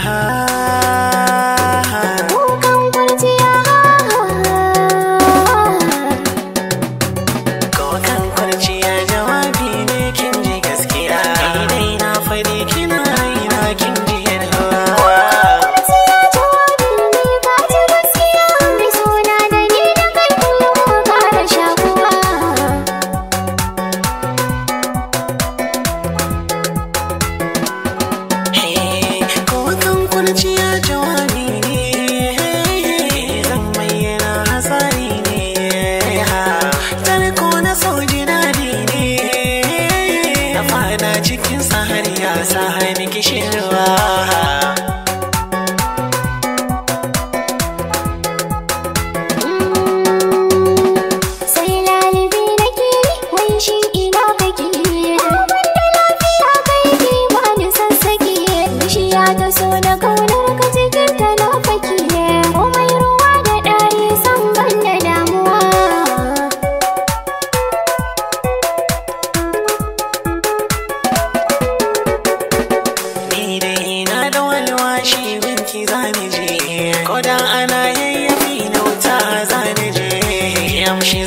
high. zuciya jawabi ne zan bayyana hatsari ne tarko na sau jinadi ne na fada cikin sahari ya sahari kishirwa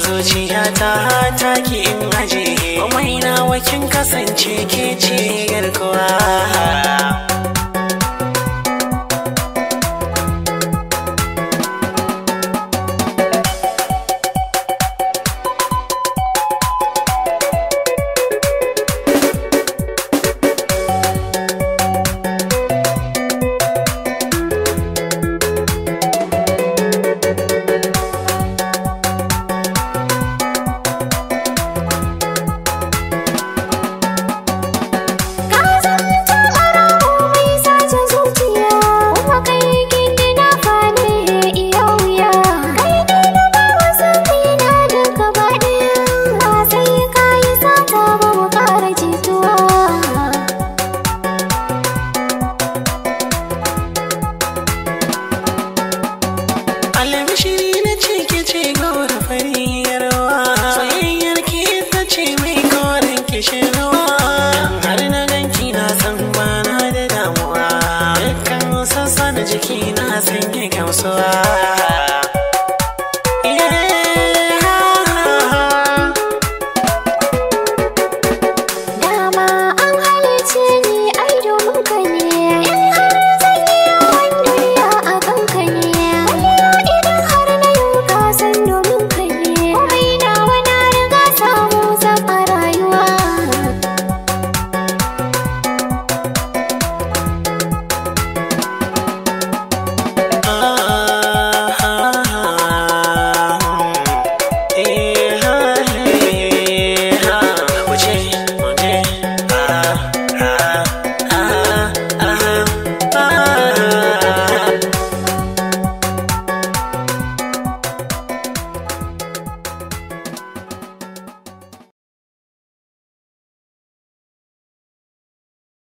zuciya ta taki ki in aje wa maina wakin kasance ke ce garkuwa So